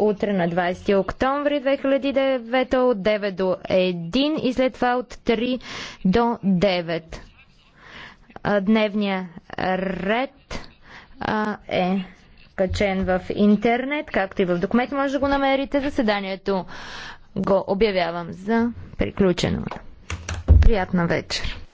утре на 20 октомври 2009 от 9 до 1 и след това от 3 до 9. Дневния ред е качен в интернет, както и в документ може да го намерите. Заседанието го обявявам за приключено. Приятна вечер!